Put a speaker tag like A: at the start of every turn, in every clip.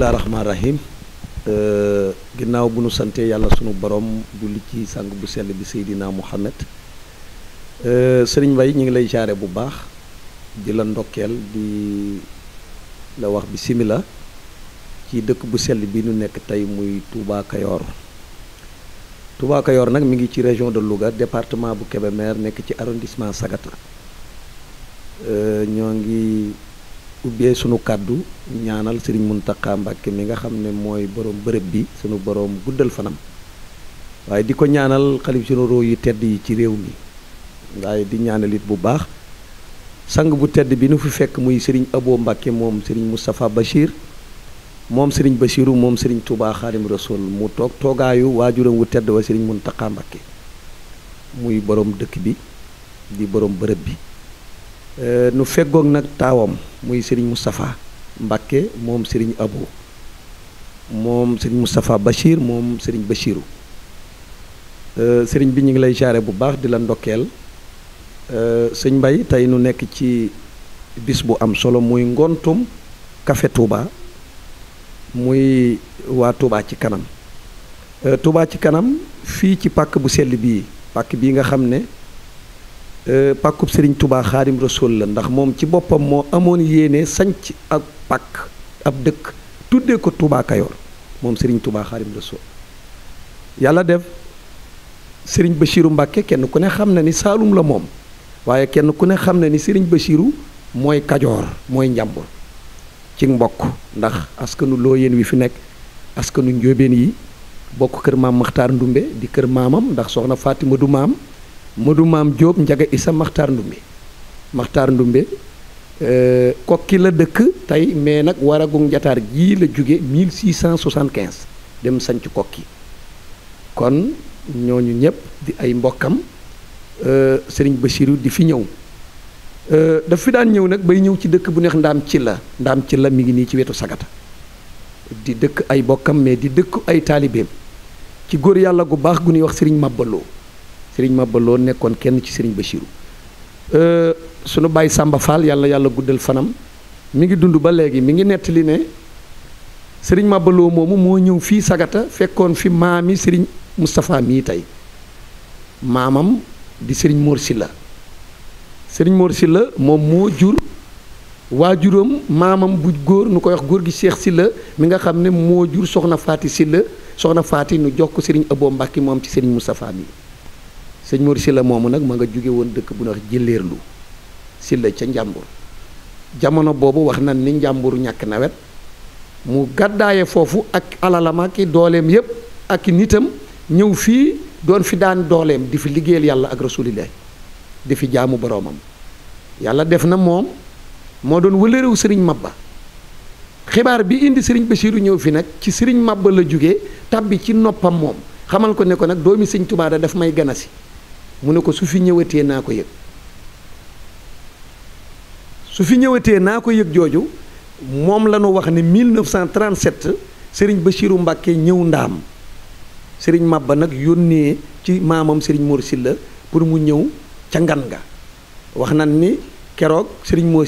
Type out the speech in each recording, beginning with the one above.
A: bisimilah rahmaani rahim euh, ginnaaw bu nu sante yàlla sunu borom julli ci sang bu sell bi Seydina Muhammad euh, sëriñ bay ñu ngi lay jaare bu baax di la ndokkeel di la wax bi bisimilah ci dëkk bu sell bi nu nekk tey muy Touba Kayor nag mi ngi ci région de Louga département bu Kébémer nekk ci arrondissement Sagata euh, ñoo ngi. ubbee sunu kàddu ñaanal sëriñ Muntaxa Mbàkke mi nga xam ne mooy boroom bërëb bi sunu borom guddal fanam waaye di ko ñaanal xalif généraux yu tedd yi ci réew mi waaye di ñaanal it bu baax sang bu tedd bi nu fi fekk muy sëriñ Abo Mbàkke moom sëriñ Moustapha Bachir moom sëriñ Bachiru moom sëriñ Touba Xaadim Rasul mu toog toogaayu waajuram wu tedd wa sëriñ Muntaxa Mbàkke muy boroom dëkk bi di boroom bërëb bi Euh, nu feggoog nag taawam muy sëriñ Moustapha Mbacke moom sëriñ abu moom sëriñ Moustapha Bachir moom sëriñ Bachiru euh, sëriñ bi ñu ngi lay jaare bu baax di la ndokkeel euh, sëñ Mbay tey nu nekk ci bis bu am solo muy ngontum Café Touba muy waa Touba ci kanam Touba ci kanam fii ci pàkk bu sell bii pàkk bii nga xam ne Euh, pàkkub sëriñ tubaa xaadim rasul la ndax moom ci boppam moo amoon yéene sañc ak pàkk ab dëkk tuddee ko tubaa kayoor moom sëriñ tubaa xaadim rasul yàlla def sëriñ Bachiru Mbàkke kenn ku ne xam na ni saalum la moom waaye kenn ku ne xam na ni sëriñ Bachiru mooy kajoor mooy njàmbur ci mbokk ndax askanu looyeen wi fi nekk askanu njóobeen yi bokk kër maam maxtaar ndumbe di kër maamam ndax soxna Faatima du maam Modou Maam Diop Njaga Issa Maxtaar Ndumbe Maxtaar Ndumbe euh, kokki la dëkk tey mais nag waragu njataar jii la jóge 1675 dem sanc kokki kon ñooñu ñëpp di ay mbokkam euh, sëriñ Basiru di fi ñëw euh, daf fi daan ñëw nag bay ñëw ci dëkk bu neex ndaam ci la ndaam ci la mi ngi nii ci wetu sagata di dëkk ay mbokkam mais di dëkk ay taalibeem ci góor yàlla gu baax gu ñuy wax sëriñ màbbaloo sëriñ Maba nekkoon kenn ci sëriñ Bachirou euh, sunu bàyyi Samba Fall yàlla yàlla guddal fanam mi ngi dund ba léegi mi ngi nettali ne sëriñ Maba Lo moomu moo ñëw fii Sagata fekkoon fi maami sëriñ Moustapha mii tey maamam di sëriñ Mor Silla sëriñ Mor Silla moom moo jur waa waajuram maamam bu góor nu koy wax góor gi Cheikh Silla mi nga xam ne moo jur soxna Faati Silla soxna Faati nu jox ko sëriñ Abo Mbàkke moom ci sëriñ Moustapha mii sëñ Mor Sylla moomu nag ma nga jóge woon dëkk bu ñuy wax jëleerlu ca njàmbur jamono boobu wax na ni njàmbur ñàkk nawet mu gàddaaye foofu ak alalama ki dooleem yépp ak nitam ñëw fii doon fi daan dooleem di fi liggéeyal yàlla ak rasulillah di fi jaamu boroomam yàlla def na moom moo doon wëlërew sëriñ Mabba xibaar bi indi sëriñ Basiiru ñëw fi nag ci sëriñ Mabba la jóge tàbbi ci noppam moom xamal ko ne ko nag doomi sëñ Tuubaa daf may ganasi mu ne ko su fi ñëwatee naa ko yëg su fi ñëwatee naa ko yëg jooju moom la ñu wax ne 1937 ba siiru mbàkke ñëw ndaam Serigne Mabba nag yónnee ci maamam Serigne Mor Silla pour mu ñëw ca ngan ga wax nan ni keroog sëriñ Mor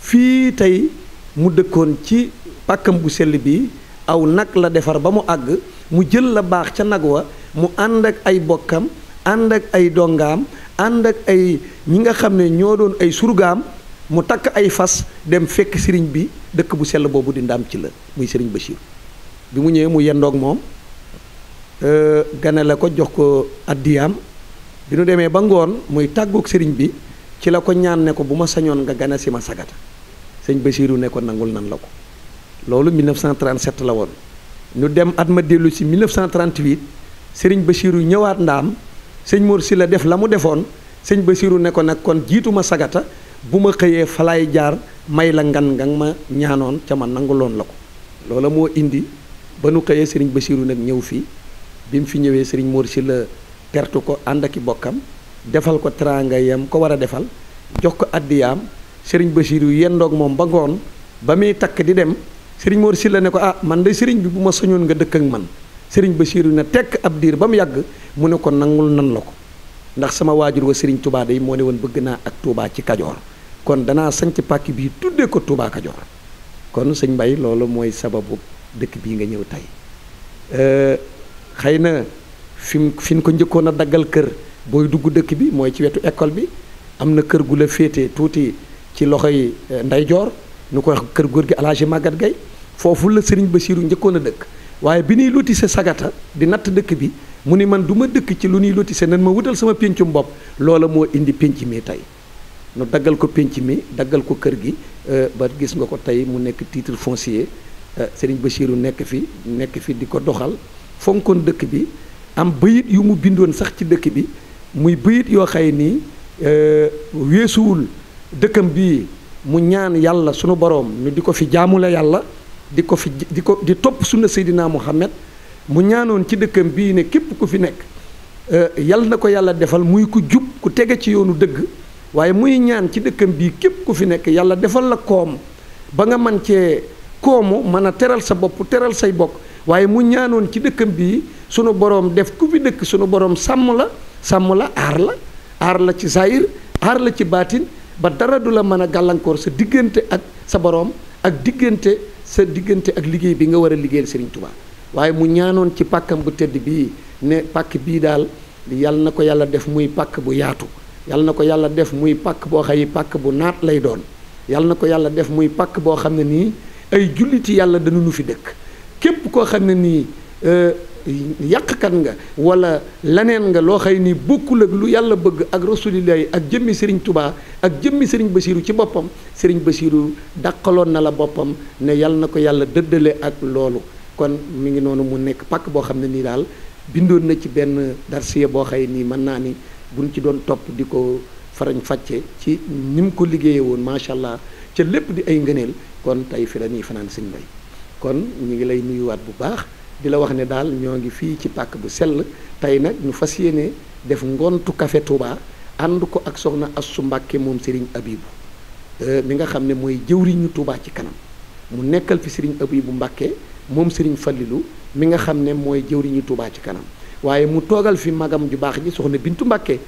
A: fii tey mu dëkkoon ci pàkkam bu sell bi aw nag la defar ba mu àgg mu jël la baax ca nag wa mu ànd ak ay bokkam ànd ak ay dongaam ànd ak ay ñi nga xam ne ñoo doon ay surgaam mu takk ay fas dem fekk sëriñ bi dëkk bu sell boobu di ndam ci la muy sëriñ Bachir bi mu ñëwee mu yendoog moom euh, gane la ko jox ko addiyaam bi nu demee ba ngoon muy tàggoog sëriñ bi ci la ko ñaan ne ko bu ma sañoon nga gane si ma sagata sëñ Basiiru ne ko nangul nan la ko loolu 1937 la woon ñu dem at ma dellu si 1938 sëriñ Basiiru ñëwaat ndaam sëñ Mor la def la mu defoon sëñ Basiru ne ko nag kon jiituma sagata bu ma xëyee falaay jaar may la ngan ngan ma ñaanoon ca ma nanguloon la ko loola moo indi ba nu xëyee sëriñ Basiru nag ñëw fii bi mu fi ñëwee sëriñ Mor la tertu ko ànd i bokkam defal ko teraanga yam ko war a defal jox ko addiyaam sëriñ Basiru yendoog moom ba ngoon ba muy takk di dem sëriñ Mor la ne ko ah man de sëriñ bi bu ma soñoon nga dëkk ak man sëriñ Basiiru na tekk ab diir ba mu yàgg mu ne ko nangul nan la ko ndax sama waajur wa sëriñ Touba day moo ne woon bëgg naa ak Touba ci Kajoor kon danaa sanc pàkk bii tuddee ko Touba Kajoor kon sëñ Mbay loolu mooy sababu dëkk bii nga ñëw tey euh, xëy na fi mu fi ñu ko njëkkoon a daggal kër booy dugg dëkk bi mooy ci wetu école bi am na kër gu la féete tuuti ci loxo loxoy euh, ndeyjoor nu ko wax kër góor gi Alaaji Màggat Gay foofu la sëriñ Basiiru njëkkoon a dëkk waaye bi ñuy lotissé sagata di natt dëkk bi mu ni man duma dëkk ci lu ñuy lotissé nan ma wutal sama péncum mbopp loola moo indi pénc mii tey nu daggal ko pénc mi daggal ko kër gi euh, ba gis nga ko tey mu nekk titre foncier euh, Serigne Bachirou nekk fi nekk fi di ko doxal fonkoon dëkk bi am bëyit yu mu bindoon sax ci dëkk bi muy bëyit yoo xay nii euh, weesuwul dëkkam bii mu ñaan yàlla sunu boroom ñu di ko fi jaamule yàlla di ko fi di ko di topp sunna Seydina Muhammad mu ñaanoon ci dëkkam bii ne képp ku fi nekk euh, yal na ko yàlla defal muy ku jub ku tege ci yoonu dëgg waaye muy ñaan ci dëkkam bii képp ku fi nekk yàlla defal la koom ba nga man cee koomu mën a teral sa bopp teral say bokk waaye mu ñaanoon ci dëkkam bii sunu boroom def ku fi dëkk sunu boroom sàmm la sàmm la aar la aar la ci saayir aar la ci baatin ba dara du la mën a gàllankoor sa diggante ak sa boroom ak diggante sa diggante ak liggéey bi nga war a liggéeyal Serigne Touba waaye mu ñaanoon ci pàkkam bu tedd bii ne pàkk bii daal yàlla na ko yàlla def muy pàkk bu yaatu yal na ko yàlla def muy pàkk boo xëy pàkk bu naat lay doon yàlla na ko yàlla def muy pàkk boo xam ne nii ay julliti yàlla dana nu fi dëkk képp koo xam ne nii euh, yàqkat nga wala leneen nga loo xëy nii bokkul ak lu yàlla bëgg ak rasulillah yi ak jëmmi sëriñ tubaa ak jëmmi sëriñ basiiru ci boppam sëriñ basiiru daqaloon na la boppam ne yàlla na ko yàlla dëddale ak loolu kon mu ngi noonu mu nekk pàkk boo xam ne nii daal bindoon na ci benn darsiya boo xëy nii mën naa ni buñ ci doon topp di ko farañ fàcce ci ni ko liggéeye woon macha allah ca lépp di ay ngëneel kon tey fi la ñuy fanaan sëñ mbay kon ñu ngi lay nuyuwaat bu baax di la wax ne daal ñoo ngi fii ci pàkk bu sell tey nag ñu fas yéene def ngontu kafe Touba ànd ko ak soxna Assu Mbàkke moom Serigne Abibu euh, mi nga xam ne mooy jëwriñu Touba ci kanam mu nekkal fi Serigne Abibu Mbàkke moom Serigne Fallilu mi nga xam ne mooy jëwriñu Touba ci kanam waaye mu toogal fi magam ju baax ji soxna Bintu Mbàkke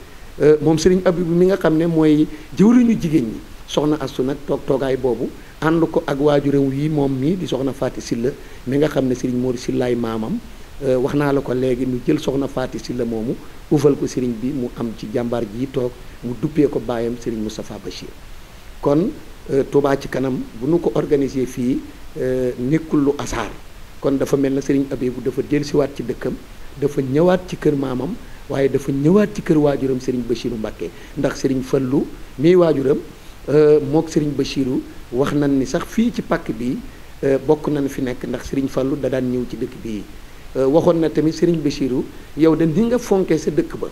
A: euh, moom Serigne Abibu mi nga xam ne mooy jëwriñu jigéen ñi soxna astu nag toog toogaay boobu ànd ko ak waajuram yi moom mii di soxna Faati Silla mi nga xam ne sëriñ Mor Sillaay maamam euh, wax naa la ko léegi nu jël soxna Faati Silla moomu ufal ko sëriñ bi mu am ci jàmbaar ji toog mu duppee ko baayam sëriñ Moustapha Bachir kon euh, Touba ci kanam bu nu ko organiser fii euh, nekkul lu asaar kon dafa mel na sëriñ bu dafa dellusiwaat ci dëkkam dafa ñëwaat ci kër maamam waaye dafa ñëwaat ci kër waajuram sëriñ Bachiru Mbàkke ndax sëriñ Fallu mii waajuram Euh, mook Serigne Bachiru wax nañ ni sax fii ci pàkk bi euh, bokk nañ fi nekk ndax Serigne fàllu da daan ñëw ci dëkk bii euh, waxoon na tamit Serigne Bachiru yow de ni nga fonkee sa dëkk ba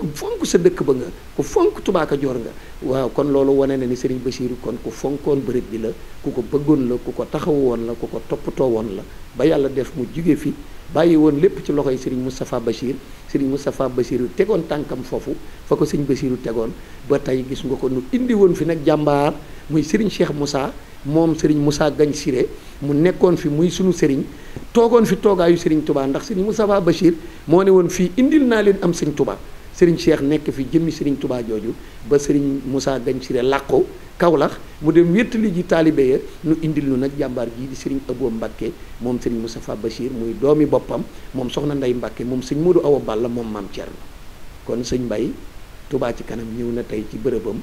A: ku fonk sa dëkk ba nga ku fonk Touba Kajoor nga waaw kon loolu wane na ni Serigne Bachiru kon ku fonkoon bërëb bi la ku ko bëggoon la ku ko taxaw woon la ku ko toppatoo woon la ba yàlla def mu jugee fi bàyyi woon lépp ci loxoy Serigne Moustapha Bachir sëriñ Moustapha Bassirou tegoon tànkam foofu fa ko sëñ Bassirou tegoon ba tey gis nga ko nu indi woon fi nag jàmbaar muy sëriñ Cheikh mussa moom sëriñ mussa gañ sire mu nekkoon fi muy sunu sëriñ toogoon fi toogaayu sëriñ tubaa ndax sëriñ Moustapha bashir moo ne woon fii indil naa leen am sëñ Touba Serigne Cheikh nekk fi jëmmi Serigne Touba jooju ba Serigne Moussa Gagne Siré làqu Kaolack mu dem wéttali ji taalibe ya nu indil nu nag jàmbaar jii di Serigne Abo Mbakke moom Serigne Moustapha Bachir muy doomi boppam moom soxna Ndey Mbakke moom sëñ Modou Awa Balla moom maam Thierno kon sëñ mbay tubaa ci kanam ñëw na tey ci bërëbam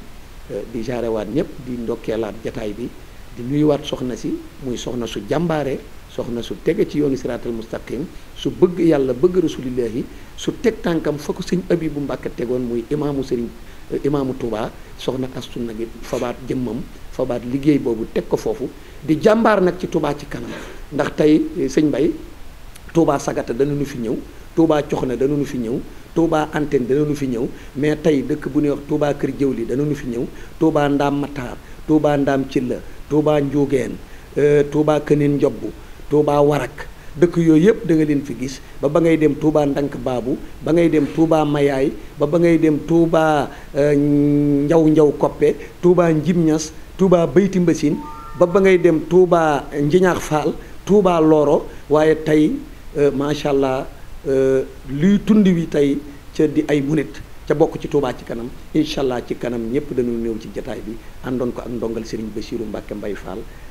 A: euh, di jaarewaat ñëpp di ndokkeelaat jataay bi di nuyuwaat soxna si muy soxna su jàmbaare soxna su tege ci yoonu siraatal mustaqim su bëgg yàlla bëgg rasulillahi su teg tànkam fa ko sëñ Abibu Mbàkke tegoon muy imaamu sëriñ eh, imaamu Touba soxna astu nag fabaat jëmmam fabaat liggéey boobu teg ko foofu di jàmbaar nag ci Touba ci kanam ndax tey eh, sëñ Mbay Touba sagata dana danañu fi ñëw Touba coxna danañu fi ñëw Touba antenne danañu fi ñëw mais tey dëkk bu ñuy wax Touba kër jëwli danañu fi ñëw Touba ndaam mataar Touba ndaam cilla Touba njuugeen eh, Touba këneen njobbu Touba Warak dëkk yooyu yëpp da nga leen fi gis ba ba ngay dem Touba Ndank Baabu ba ngay dem Touba Mayaay ba ba ngay dem Touba euh, Njaw Njaw Koppe Touba Njimñas Touba Bayti Mbasin ba ba ngay dem Touba Njiñaax Faal Touba Loro waaye tey euh, macha allah euh, luy tund wi tey ca di ay munit ca bokk ci Touba ci kanam incha allah ci kanam ñëpp dañu néew ci jataay bi àndoon ko ak ndongal Serigne Bassirou Mbacke Mbaye Fall.